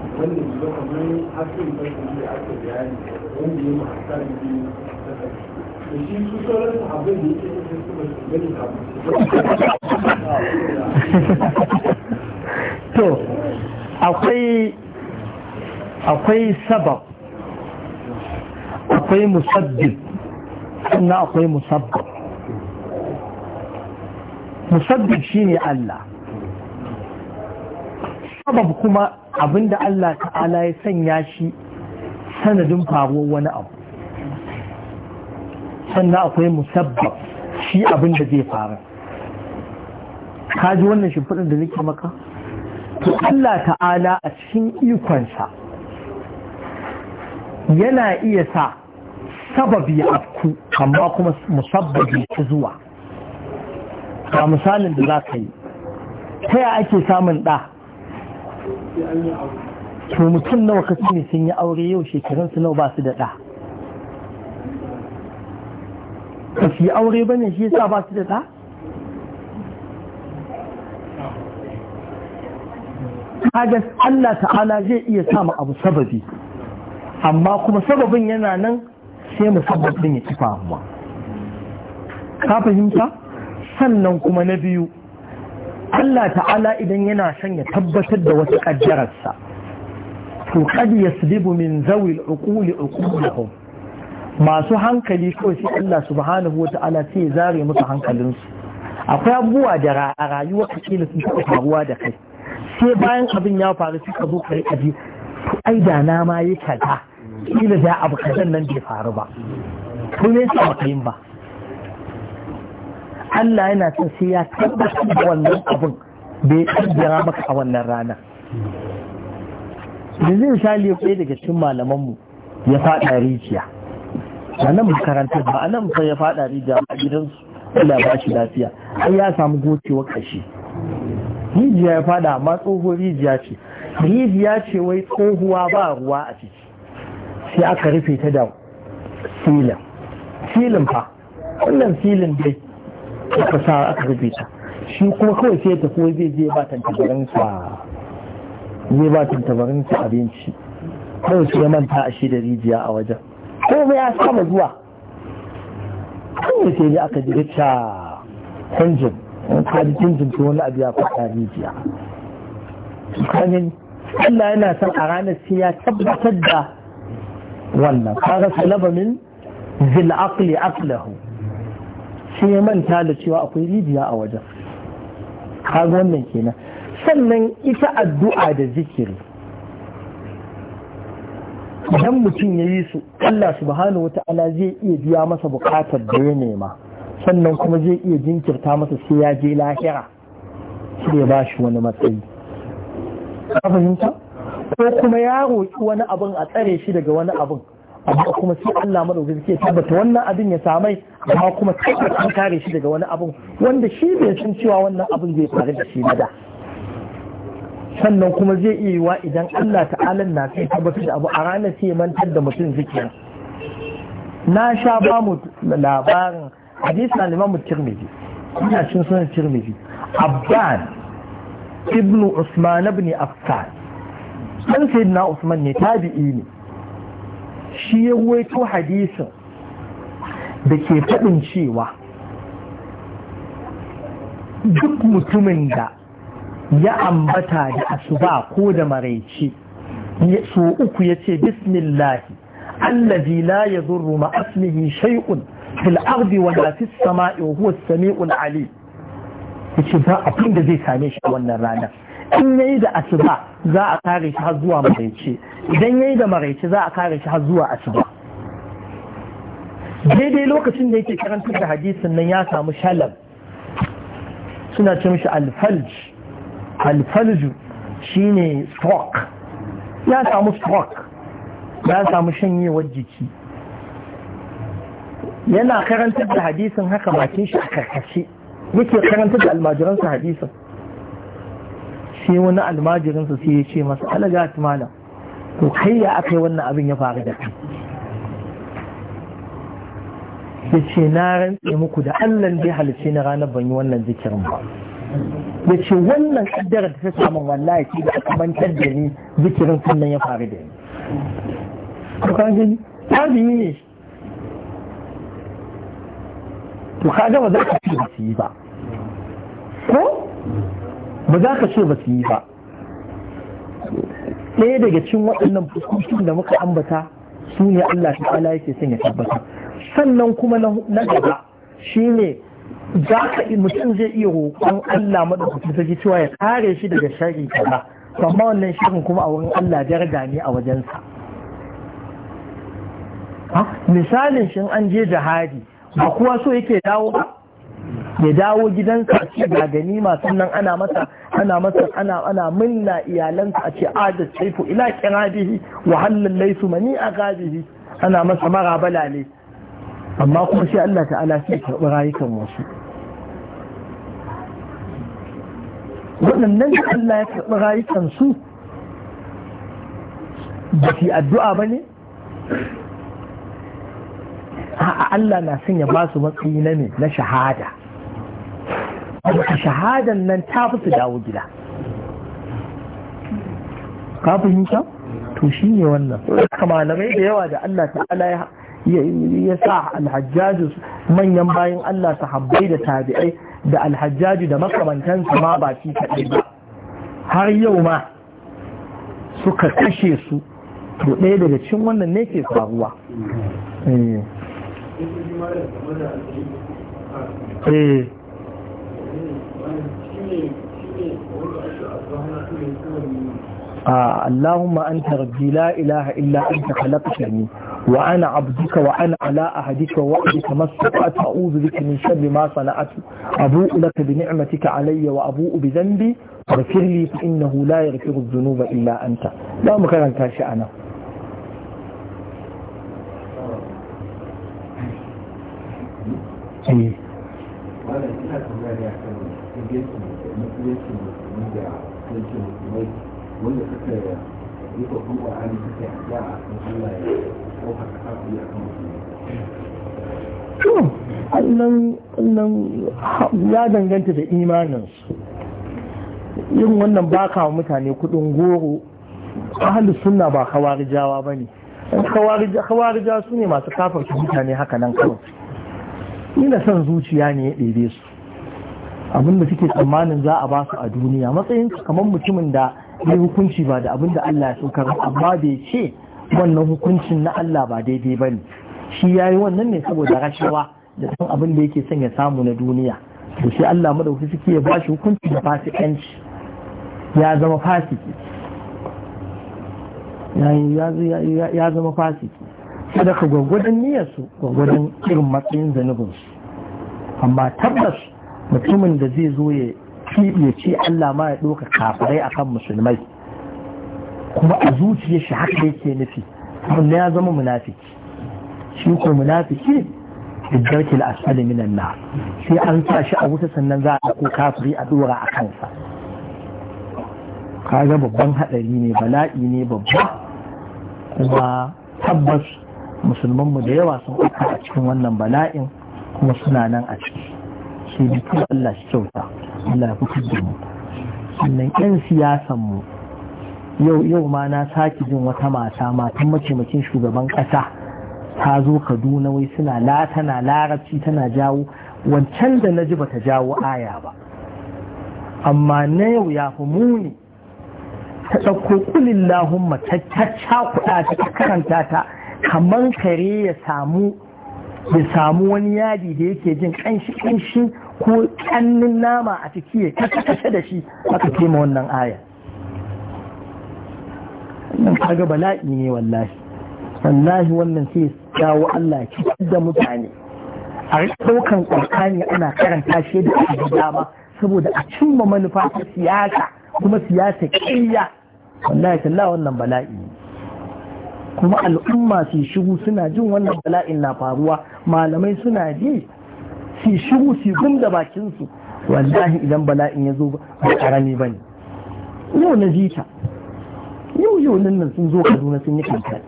bayani wanda ya da da shi su sauran su abin da yake da su ba su gani da to akwai akwai sabab akwai musabbib sannan akwai musabbab musabbib shine Allah sabab kuma abinda Allah ta'ala ya sanya shi sanadin faruwar wani abu sannan akwai musabbab shi abinda zai faru Ka ji wannan shimfiɗin da nake maka to Allah ta'ala a cikin ikonsa yana iya sa sababi ya afku amma kuma musabbabi ta zuwa ga misalin da za ka yi ta ya ake samun ɗa to mutum nawa ka ne sun yi aure yau shekarun su nawa ba su da ɗa ba su aure ba ne shi yasa ba su da ɗa kaga Allah ta'ala zai iya samu abu sababi amma kuma sababin yana nan sai mu sababin ya kifa amma ka fahimta sannan kuma na biyu Allah ta'ala idan yana son ya tabbatar da wata ƙaddararsa to kad yasdibu min zawil uquli uqulihum masu hankali kawai sai Allah subhanahu wa ta'ala sai ya zare musu hankalinsu akwai abubuwa da a rayuwa kila sun taɓa faruwa da kai sai bayan abin ya faru suka zo kai aji to ai da na ma yi kaza kila da abu kazan nan bai faru ba to ne ka ba ba Allah yana son sai ya tabbatar da wannan abin da ya kaddara maka a wannan rana Da zai misali ya ɗaya daga cikin malamanmu ya faɗa rijiya a nan makaranta ba a nan ya faɗa rijiya a gidansu Allah ba shi lafiya ai ya samu gocewar ƙashi rijiya ya faɗa amma tsohuwar rijiya ce rijiya ce wai tsohuwa ba ruwa a ciki sai aka rufe ta da filin filin fa wannan filin dai aka sa aka rubuta shi kuma kawai sai ya tafi zai je ba tantabarinsa zai ba tantabarinsa abinci kawai sai manta a shi da rijiya a wajen ko ya saba zuwa kawai sai ya aka ji ta canjin in ka ji wani abu ya faɗa rijiya kanin Allah yana son a ranar sai ya tabbatar da wannan kaga salaba min zil aqli aqlahu sai ya manta da cewa akwai rijiya a wajen kaga wannan kenan sannan ita addu'a da zikiri idan mutum ya yi su Allah subhanahu wata'ala zai iya biya masa bukatar da ya nema sannan kuma zai iya jinkirta masa sai ya je lahira sai ya ba shi wani matsayi ka fahimta ko kuma ya roƙi wani abin a tsare shi daga wani abin amma kuma sai Allah madaukakin ya tabbata wannan abin ya samai amma kuma tabbas an kare shi daga wani abin wanda shi bai san cewa wannan abin zai faru da shi ba da sannan kuma zai iya yiwa idan Allah ta'ala na kai tabbatar da abu a ranar sai mantar da mutum zikirin na sha ba mu labarin hadisi na limamu tirmidhi ina cin sunan tirmidhi abban ibnu usman ibn affan dan sayyidina usman ne tabi'i ne shi ya ruwaito hadisin da ke faɗin cewa duk mutumin da ya ambata da asuba ko da maraice su uku ya ce bismillahi allazi la ya zurru ma'asmihi shai'un fil ardi wa la sama'i wa huwa samiul ba abin da zai same shi a wannan ranar in yayi da asuba za a kare shi har zuwa maraice idan yayi da maraice za a kare shi har zuwa asuba daidai lokacin da yake karantar da hadisin nan ya samu shalab suna ce mishi alfalj alfalju shine stroke ya samu stroke ya samu shanyewar jiki yana karantar da hadisin haka bakin shi a karkashe yake karantar da almajiransa hadisin sai wani almajirinsa sai ya ce masa alagati to kai ya aka yi wannan abin ya faru da kai ya ce na rantse muku da allan zai halice na ranar ban yi wannan zikirin ba ya ce wannan kaddara da ta samun wallahi ce da aka mantar da ni zikirin sannan ya faru da ni to ka ta tabi'i ne to ka ba za ka ce ba su yi ba ko ba za ka ce ba su yi ba ɗaya daga cikin waɗannan fuskokin da muka ambata su ne Allah Ta ala yake son ya tabbata sannan kuma na gaba shine za ka mutum zai iya roƙon Allah madaukakin sarki cewa ya kare shi daga sharri kaza amma wannan shirin kuma a wurin Allah daraja ne a wajensa misalin shin an je jihadi ba kuwa so yake dawo ba ya dawo gidansa a ce ga ganima sannan ana masa ana masa ana ana minna iyalansa a ce adad ah, saifu ila kirabihi wa hallan laysu mani a gabihi ana masa mara ne amma kuma shi Allah ta'ala sai karɓi rayukan wasu waɗannan da Allah ya karɓi rayukan su ba su addu'a ba ne a Allah na son ya ba su matsayi na ne na shahada a shahadan nan ta fi su dawo gida ka fahimta to shi ne wannan kama da yawa da Allah ta'ala ya ya sa alhajjaju manyan bayan Allah sahabbai da tabi'ai da alhajjaju da makamantansa ma ba fi kaɗai ba har yau ma suka kashe su da cin wannan ne ke faruwa eh. Eh. Ah, Allahumma an tarbi la ilaha illa an ta halakta ne وأنا عبدك وأنا على اهديك ووعدك ما استطعت أعوذ بك من شر ما صنعت أبوء لك بنعمتك علي وأبوء بذنبي فاغفر لي فإنه لا يغفر الذنوب إلا أنت لا مكان انت شانا إيه. ya danganta da imaninsu yin wannan baka wa mutane kudin goro ahalus sunna ba kawarijawa ba ne kawarija su ne masu kafarta mutane haka nan kawai ina san zuciya ne ya ɗebe su abinda suke tsammanin za a ba su a duniya matsayin kamar mutumin da ya hukunci ba da abinda Allah ya saukar amma bai ce wannan hukuncin na Allah ba daidai ba ne shi ya yi wannan ne saboda rashawa da san abin da yake son ya samu na duniya to shi Allah madauki suke ba shi hukunci da fasikanci ya zama fasiki ya zama fasiki sadaka gwagwadon su, gwagwadon irin matsayin su amma tabbas mutumin da zai zo ya ce Allah ma ya ɗauka kafirai akan musulmai kuma a zuciyar shi haka yake nufi kuma ya zama munafiki shi ko munafiki bidarki al'asali minan na sai an sa shi a wuta sannan za a ko kafiri a dora a kansa kaga babban hadari ne bala'i ne babba kuma tabbas musulmanmu da yawa sun ɗauka a cikin wannan bala'in kuma suna nan a ciki sai bikin Allah shi kyauta Allah ya fitar da mu sannan 'yan mu. yau yau ma na sake jin wata mata matan mataimakin shugaban ƙasa ta zo kaduna wai suna la tana larabci tana jawo wancan da na ji bata jawo aya ba amma na yau ya fi muni ta ɗauko kulin mace ta cakuɗa ta karanta ta kamar kare ya samu ya samu wani yadi da yake jin ƙanshi ƙanshi ko ƙannin nama a ciki ya kasa da shi aka kema wannan aya kaga bala'i ne wallahi wallahi wannan sai kawo Allah ki da mutane a ɗaukan ƙwarƙani ana karanta shi da abu dama saboda a cimma manufa ta siyasa kuma siyasa kiyya wallahi talla wannan bala'i ne kuma al'umma su shiru suna jin wannan bala'in na faruwa malamai suna ji su shiru su gum da bakinsu wallahi idan bala'in ya zo ba karami ba ne yau na jita yau yau nan nan sun zo kaduna sun yi kankan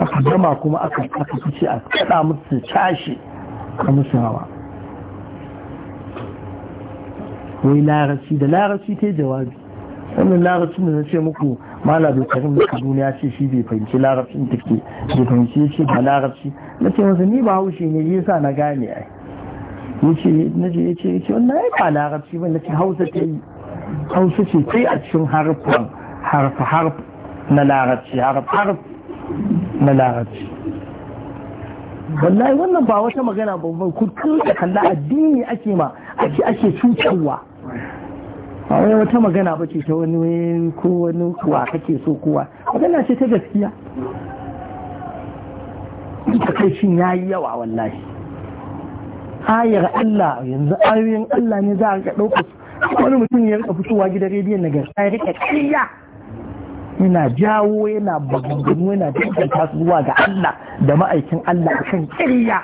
aka gama kuma aka aka fice a kada musu tashi a musu wai larasi da larasi ta jawabi wannan larasi da na ce muku mala abdulkarim da kaduna ya ce shi bai fahimci larasi da ke bai fahimci ya ce ba larasi na ce masa ni ba haushe ne ya sa na gane ai ya ce na ce ya ce ya ce wannan ai ba larabci ba na ce hausa ta yi Hausu ce kai a cikin harfan harf-harf na larabci harf-harf na larabci wallahi wannan ba wata magana ba ba ku da kalla addini ake ma ake ake cutarwa ba wai wata magana ba ce ta wani ko wani kuwa kake so kuwa magana ce ta gaskiya takaicin ya yi yawa wallahi ayar Allah yanzu ayoyin Allah ne za a ga ɗaukar wani mutum ya rika fitowa gidan rediyon na gasa ya rika kariya yana jawo yana bagaggamu yana danganta zuwa ga Allah da ma'aikin Allah a kan kariya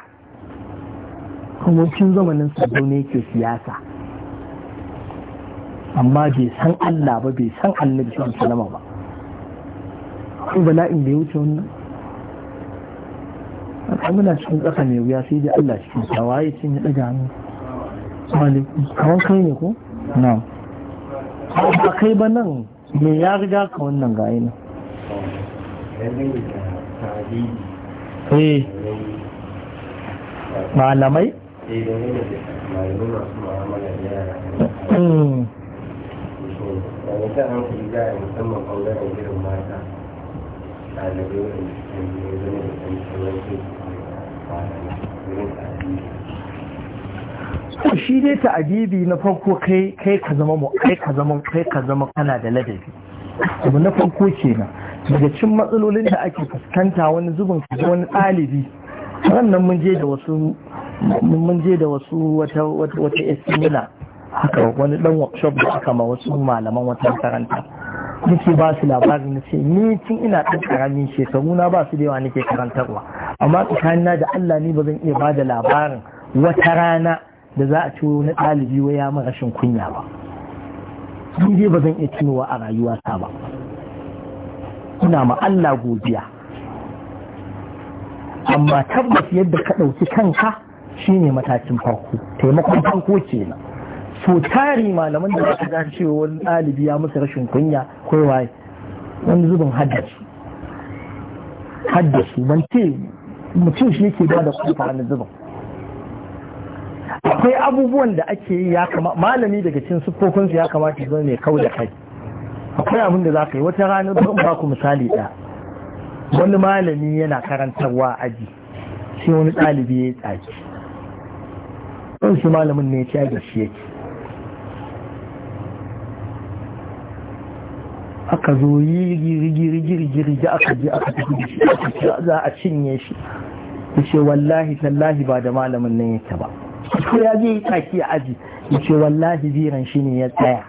cin zamanin sabo ne ke siyasa amma bai san Allah ba bai san annabi sallallahu ba ko bala'in da ya wuce wannan a muna cikin tsaka mai wuya sai da Allah cikin tawaye cikin ya daga hannu kawai kai ne ko na ba kai ba nan me ya riga ka wannan ga aina. eh malamai ɗalibai hmm. wanda to shi dai ta'adibi na farko kai kai ka zama mu kai ka zama kai ka zama kana da ladabi abu na farko kenan daga cikin matsalolin da ake fuskanta wani zubin ka wani ɗalibi sannan mun je da wasu mun je da wasu wata wata wata haka wani dan workshop da aka ma wasu malaman wata makaranta nake ba su labarin na ce ni tun ina ɗan ƙaramin shekaru na ba su da yawa nake karantarwa amma tsakanina da Allah ni ba zan iya ba da labarin wata rana da za a ciwo na ɗalibi wa ya rashin kunya ba ni je ba zan iya tunowa a rayuwata ba ina ma Allah godiya amma tabbas yadda ka ɗauki kanka shine matakin farko taimakon farko kenan so tari malaman da suka ga cewa wani ɗalibi ya musu rashin kunya kai waye wani zubin haddasu haddasu ban ce mutum shi yake ba da kofa wani zubin akwai abubuwan da ake yi ya kama malami daga cikin siffofinsu ya kamata ya zama mai kau da kai akwai abin da za ka yi wata rana don ba ku misali da wani malami yana karantarwa aji sai wani ɗalibi ya yi tsaki don shi malamin ne ya ci shi yake aka zo yi rigirigirigirigi aka je aka tafi da shi za a cinye shi ya ce wallahi tallahi ba da malamin nan yake ba ko ya je tsaki a aji ya ce wallahi biran shi ne ya tsaya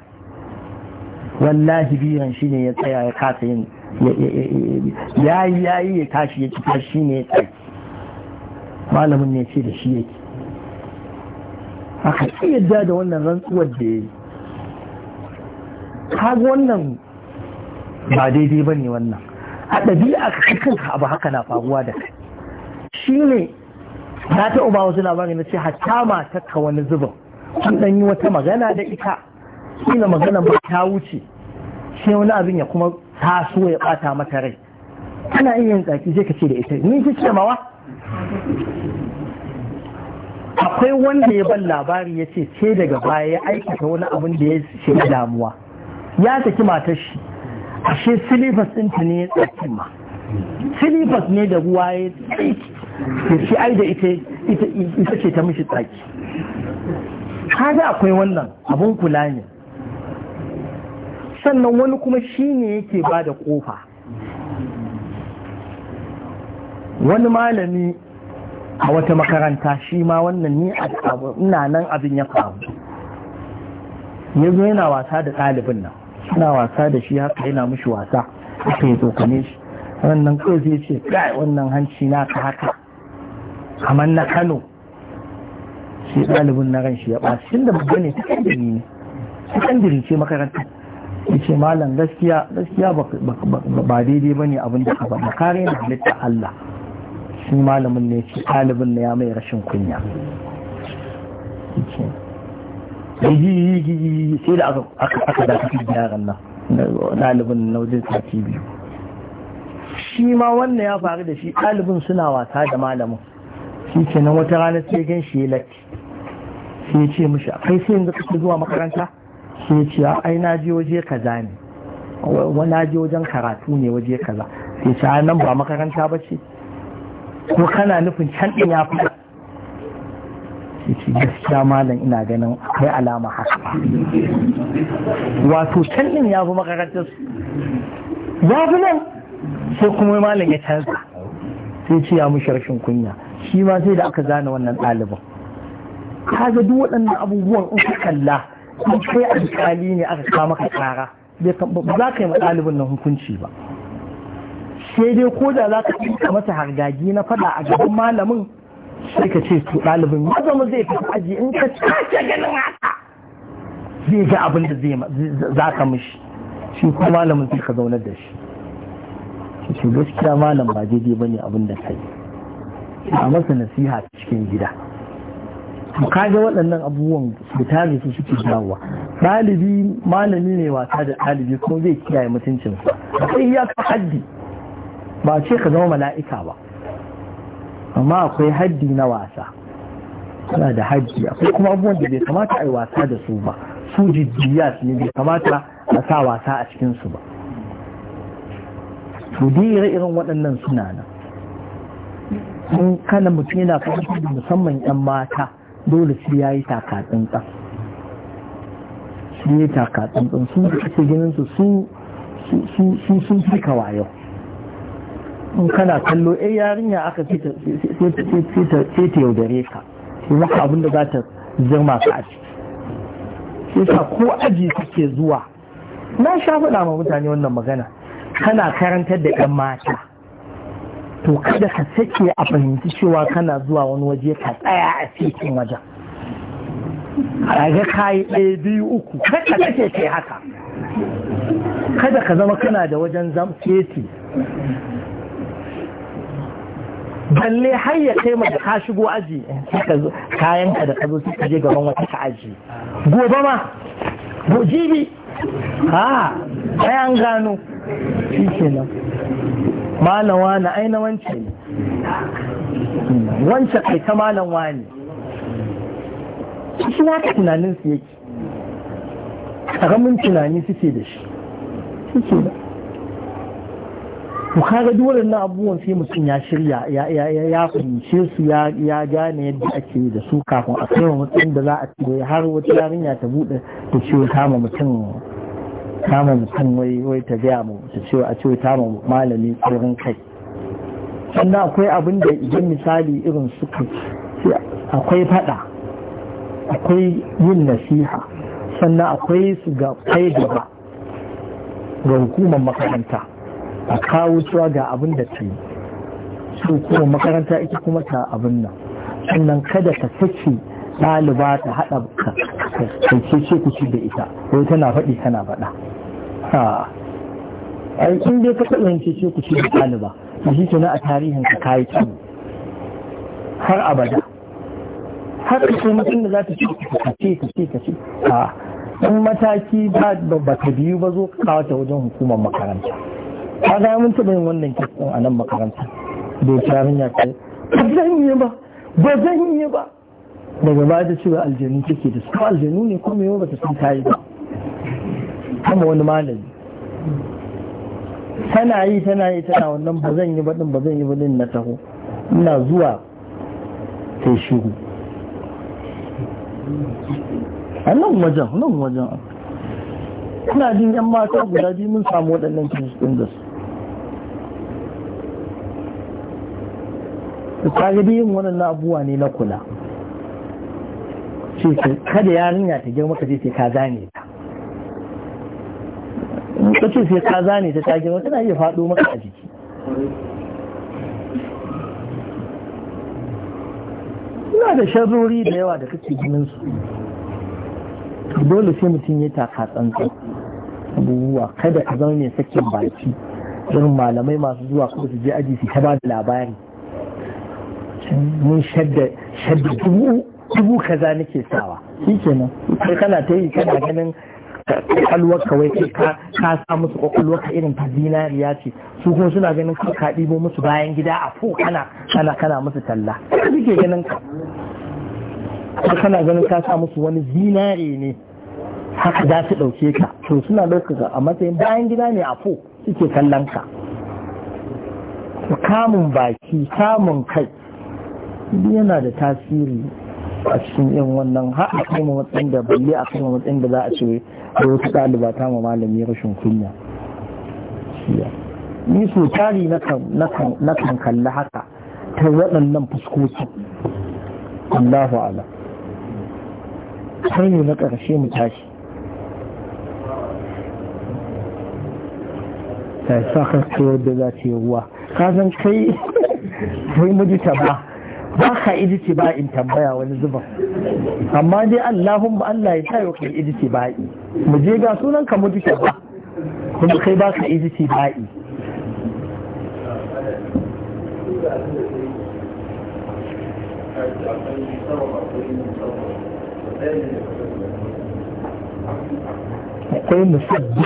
wallahi biran shi ne ya tsaya ya kasa yin ya yi ya yi ya tashi ya ci shi ne ya tsaki malamin ne ce da shi yake aka ƙi yadda da wannan rantsuwar da ya yi kaga wannan ba daidai ba ne wannan a ɗabi'a ka kanka abu haka na faruwa da kai shi ne ta ta uba wasu labarin na ce hatta matar ka wani zubin an dan yi wata magana da ita na magana ba ta wuce sai wani abin ya kuma taso ya bata mata rai ana iya yin tsaki sai ka ce da ita ni ki ce mawa akwai wanda ya ban labari ya ce ce daga baya ya aikata wani abin da ya ce damuwa ya saki matar shi ashe silifas ɗinta ne ya tsaki ma silifas ne da ruwa ya tsaki shi ai da ita ce ta mishi tsaki kaga akwai wannan abun kula ne sannan wani kuma shi ne yake ba da kofa wani malami a wata makaranta shi ma wannan ni a ina nan abin ya faru ya yana wasa da ɗalibin nan suna wasa da shi haka yana mushi wasa ya yi tsokane shi wannan kawai zai ce wannan hanci na ka haka kamar na kano shi ɗalibin na ran shi ya ba shi da babba ne sakandiri ne sakandiri ce makaranta ya ce malam gaskiya gaskiya ba daidai ba ne abin da ka faɗa kare na halitta Allah shi malamin ne ce ɗalibin na ya mai rashin kunya sai da aka dakatar da yaran nan ɗalibin na wajen sati biyu shi ma wannan ya faru da shi ɗalibin suna wasa da malamin shi ke nan wata rana sai gan shi latti sai ce mishi kai sai yanzu kake zuwa makaranta sai ce ai na je waje kaza ne na je wajen karatu ne waje kaza sai ce nan ba makaranta ba ce ko kana nufin can din ya fita sai ce gaskiya malam ina ganin akwai alama haka wato can din ya fi makarantar ya fi nan sai kuma malam ya canza sai ce ya mushi rashin kunya shi ma sai da aka zana wannan ɗaliban Ka ga duk waɗannan abubuwan in ka kalla in kai alƙali ne aka kama maka tsara ba za ka yi ɗalibin na hukunci ba sai dai ko da za ka ɗinka masa hargagi na faɗa a gaban malamin sai ka ce su ɗalibin ya zama zai fi aji in ka tace ganin haka zai ga abin da za ka mishi shi ko malamin sai ka zaunar da shi. Shi gaskiya malam ba daidai ba ne abin da ka yi. a masa nasiha cikin gida kaga waɗannan abubuwan da tare su suke dawowa ɗalibi malami ne wasa da ɗalibi kuma zai kiyaye mutuncinsa ya ka haddi ba ce ka zama mala'ika ba amma akwai haddi na wasa suna da haddi akwai kuma abubuwan da bai kamata a yi wasa da su ba su jijjiya ne bai kamata a sa wasa a cikinsu ba to dai ire-iren waɗannan suna nan sun kana mutum yana fahimtar da musamman 'yan mata dole su ya yi takatsantsan su yi takatsantsan sun da ake ginin su su sun fi kawayo in kana kallo eh yarinya aka sai ta yaudare ka sai maka abin da za ta zama ka aji sai sai ko aji kake zuwa na sha faɗa ma mutane wannan magana kana karantar da 'yan mata to kada ka sake a fahimci cewa kana zuwa wani waje ka tsaya a cikin wajen ga kayi ɗaya biyu uku kada ka ke haka kada ka zama kana da wajen zam keti balle har ya kai ka shigo aji kayan ka da ka zo suka je gaban wata ka aji gobe ma gojibi ha bayan gano shi kenan malam wani aina wance ne wance kai ta malam wani su haka tunanin su yake karamin tunani suke da shi suke da ku kaga dole na abubuwan sai mutum ya shirya ya fahimce su ya gane yadda ake da su kafin a kai wa matsayin da za a ce har wata yarinya ta bude da ciwo kama mutum kama mutum wai wai ta biya mu ta ce a ce ta malami tsoron kai sannan akwai abin da idan misali irin suka akwai fada akwai yin nasiha sannan akwai su ga kai da ba ga hukumar makaranta a kawo cewa ga abin da ta yi su hukumar makaranta ita kuma ta abin nan sannan kada ka sake ɗaliba ta haɗa ka ce ku ci da ita wai tana faɗi tana faɗa a ai kun dai ka taɓa yanke ce ku ce da ɗaliba da shi kenan a tarihin ka kayi kyau har abada har ka ce mutum da za ta ce ka ce ka ce ka ce a in mataki ba ta biyu ba zo kawo ta wajen hukumar makaranta ka ga mun taɓa yin wannan kisan a nan makaranta da ya ya kai ba zan yi ba ba zan yi ba daga ba da cewa aljanu take da su aljanu ne kuma yau ba ta san ta yi ba kama wani malami tana yi tana yi tana wannan ba zan yi baɗin ba zan yi baɗin na taho ina zuwa sai shiru a nan wajen nan wajen ina jin yan mata guda biyu mun samu waɗannan kiristin da su kare da yin wani abubuwa ne na kula ce kada yarinya ta girma ka je sai ka gane ka sai ka zane ta tage wata na iya faɗo maka a jiki Ina da sharori da yawa da kake ginin su dole sai mutum ya taka tsantsan abubuwa kada ka zaune sakin baki irin malamai masu zuwa kuma su je aji su ta ba da labari mun shadda dubu kaza nake sawa shi kenan sai kana ta yi kana ganin ka wai ka sa musu ka irin ta zinariya ce su kuma suna ganin ka ka ɗibo musu bayan gida a fo kana kana kana musu talla haka suke ganin ka kana ganin ka sa musu wani zinare ne haka za su ɗauke ka to suna ɗaukaka, a matsayin bayan gida ne a fo suke kallon ka kamun baki samun kai yana da tasiri a cikin yin wannan har a kai matsayin da balle a kai matsayin da za a ce da wasu ɗaliba ta ma malami rashin kunya ni so tari na kan kalli haka ta waɗannan fuskoki Allahu ala sai ne na ƙarshe mu tashi ta sa kan da za ta yi ruwa ka san kai kai ba ba ka idice ba in tambaya wani zuba. amma dai allahun allah ya tayo kai idice ba'i mu je ga sunan ka mutu ba kuma kai ba ka idice ba'i akwai musabbi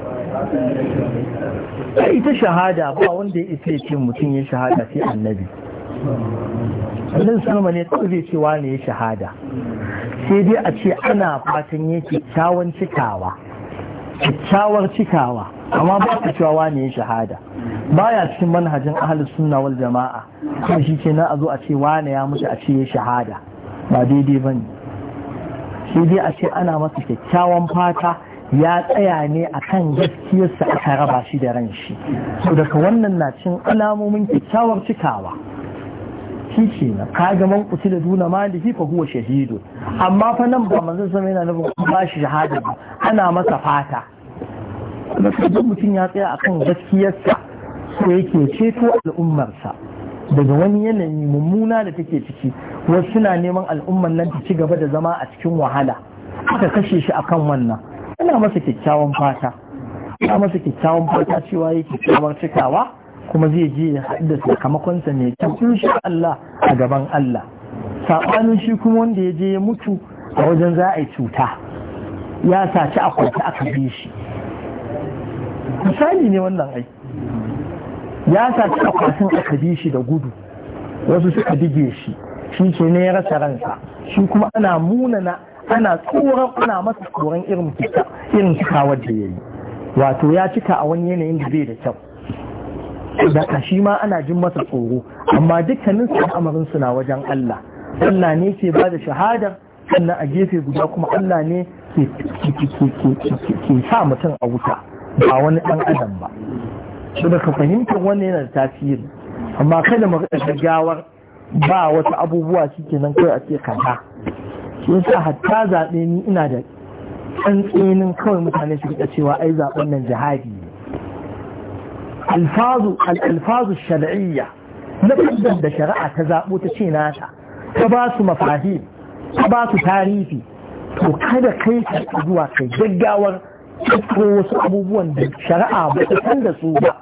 ita shahada ba wanda ya ce mutum ya shahada sai annabi annan salma ne ta zai cewa ne ya shahada sai dai a ce ana fatan ya kyakkyawan cikawa kyakkyawar cikawa amma ba ka cewa wani ya shahada Ba ya cikin manhajin ahalus sunna wal jama'a kuma shi na a zo a ce wani ya mutu a ce ya shahada ba daidai ba ne. sai dai a ce ana masa kyakkyawan fata ya tsaya ne a kan gaskiyarsa aka raba shi da ran shi so daga wannan na cin alamomin kyakkyawar cikawa shi ke na kaga man kuti da duna da fa huwa shahidu amma fa nan ba manzon sama yana nufin ba shi shahada ba ana masa fata da mutum ya tsaya a kan gaskiyarsa so yake ceto al'ummarsa daga wani yanayi mummuna da take ciki wasu na neman al'ummar nan ta ci gaba da zama a cikin wahala aka kashe shi akan wannan ana masa kyakkyawan fata ana masa kyakkyawan fata cewa yake kamar cikawa kuma zai je ya haɗu da sakamakonsa mai kyau insha Allah a gaban Allah sabanin shi kuma wanda ya je ya mutu a wajen za a cuta ya saci a kwanta aka bi shi misali ne wannan ai ya saci akwatin aka bi shi da gudu wasu suka dige shi shi ke ne ya rasa ransa shi kuma ana munana ana tsoron ana masa tsoron irin fita irin cikawar da ya yi wato ya cika a wani yanayin da bai da kyau da shi ma ana jin masa tsoro amma dukkanin su na suna wajen Allah Allah ne ke ba da shahadar sannan a gefe guda kuma Allah ne ke sa mutum a wuta ba wani dan adam ba su da ka fahimtar wannan yana da tasiri amma kada mu riƙa gaggawar ba wasu abubuwa shi kenan kai a ce kaza shi yasa hatta zaɓe ni ina da tsantsenin kawai mutane su cewa ai zaɓen nan jihadi ne alfazu alfazu shar'iyya na da shari'a ta zaɓo ta ce nata ta ba su mafahim ta ba su tarihi to kada kai ka zuwa kai gaggawar ko wasu abubuwan da shari'a ba ta san da su ba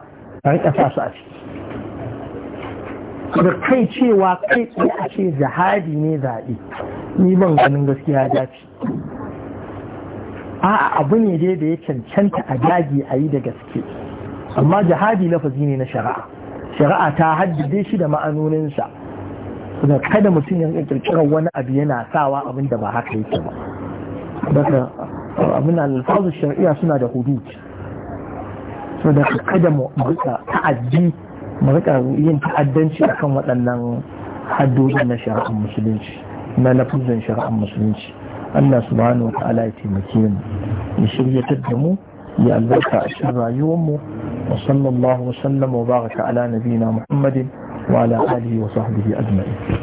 ka sa su a ciki da kai cewa kai tsaye a ce jihadi ne zaɓe ni ban ganin gaskiya ce. a'a abu ne dai da ya cancanta a daji a yi da gaske amma jihadi lafazi ne na shari'a shari'a ta haddade shi da ma'anoninsa da kada mutum ya kirkirar wani abu yana sawa abin da ba haka yake ba daga abin alfazu shari'a suna da hudud so da kada mu ta'addi mu rika yin ta'addanci akan waɗannan haddodin na shari'ar musulunci na lafuzin shari'ar musulunci Allah subhanahu wa ta'ala ya taimake mu ya shiryatar da mu ya albarka a cikin rayuwar mu wa sallallahu wa sallama wa baraka ala nabiyina Muhammadin wa ala alihi wa sahbihi ajma'in